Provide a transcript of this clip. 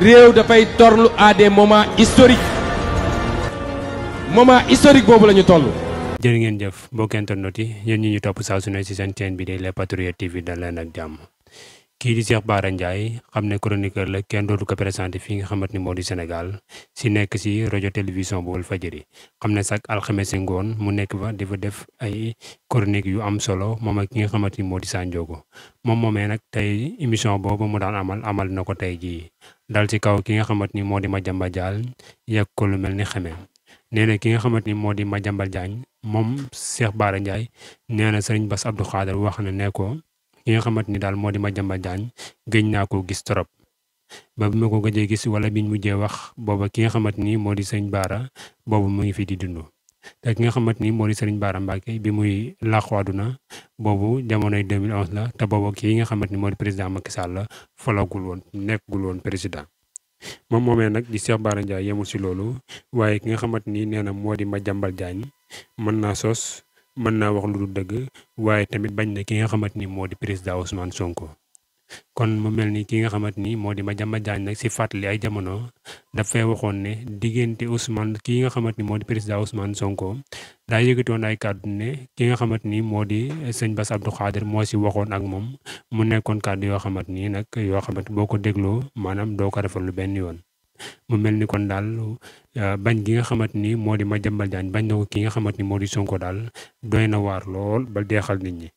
réew dafay torlu à des moments historiques moment historique boobu la ñu toll. jërë ngeen jëf mbokki internet yi ñi ñu topp saa su ne si seen chaîne bi di Les Patriotes TV dal leen ak jàmm. kii di Cheikh Bara Ndiaye xam ne chroniqueur la kenn dootu ko présenté fii nga xamante ni moo di Sénégal si nekk si rajo télévision bu Walfadjri xam ne sax alxames si ngoon mu nekk fa dafa def ay chronique yu am solo moom ak ki nga xamante ni moo di Sa Ndiogou moom moomee nag tey émission boobu mu daan amal na ko tey jii daal ci kaw ki nga xamante ni moo di Madiambal Diagne yegg ko lu mel ni xemee nee na ki nga xamante ni moo di ma jambal jaañ moom Cheikh baara Ndiaye nee na Serigne Bass Abdou wax na ne ko ki nga xamante ni daal moo di ma Madiambal Diagne gëj naa ko gis torop ba bi ma ko gëjee gis wala biñ mujjee wax booba ki nga xamante ni moo di sëñ Baara boobu mu ngi fi di dund te ki nga xamante ni moo di sëriñ Baara Mbàkke bi muy làqu àdduna boobu jamonoy 2011 la te boobu kii nga xamante ni moo di président Macky Sall la falagul woon nekkagul woon président moom moomee nag di Cheikh Bara Ndiaye yemul si loolu waaye ki nga xamante ni nee na moo di ma Madiambal Diagne mën naa sos mën naa wax lu du dëgg waaye tamit bañ na ki nga xamante ni moo di président Ousmane Sonko. kon mu mel ni kii nga xamante ni moo di ma Madiambal Diagne nag si fàttali ay jamono dafay waxoon ne diggante Ousmane ki nga xamante ni moo di président Ousmane Sonko daa yëgatoon ay kàddu ki nga xamante ni moo di sëñ Bass Abdou Khadir moo si waxoon ak moom mu nekkoon kàddu yoo xamante ni nag yoo xamante boo ko dégloo maanaam doo ko lu benn yoon. mu mel ni kon daal euh, bañ gi nga xamante ni moo di ma jambal Diagne bañ na ko ki nga xamante ni moo di Sonko daal doy na waar lool ba deexal nit ñi.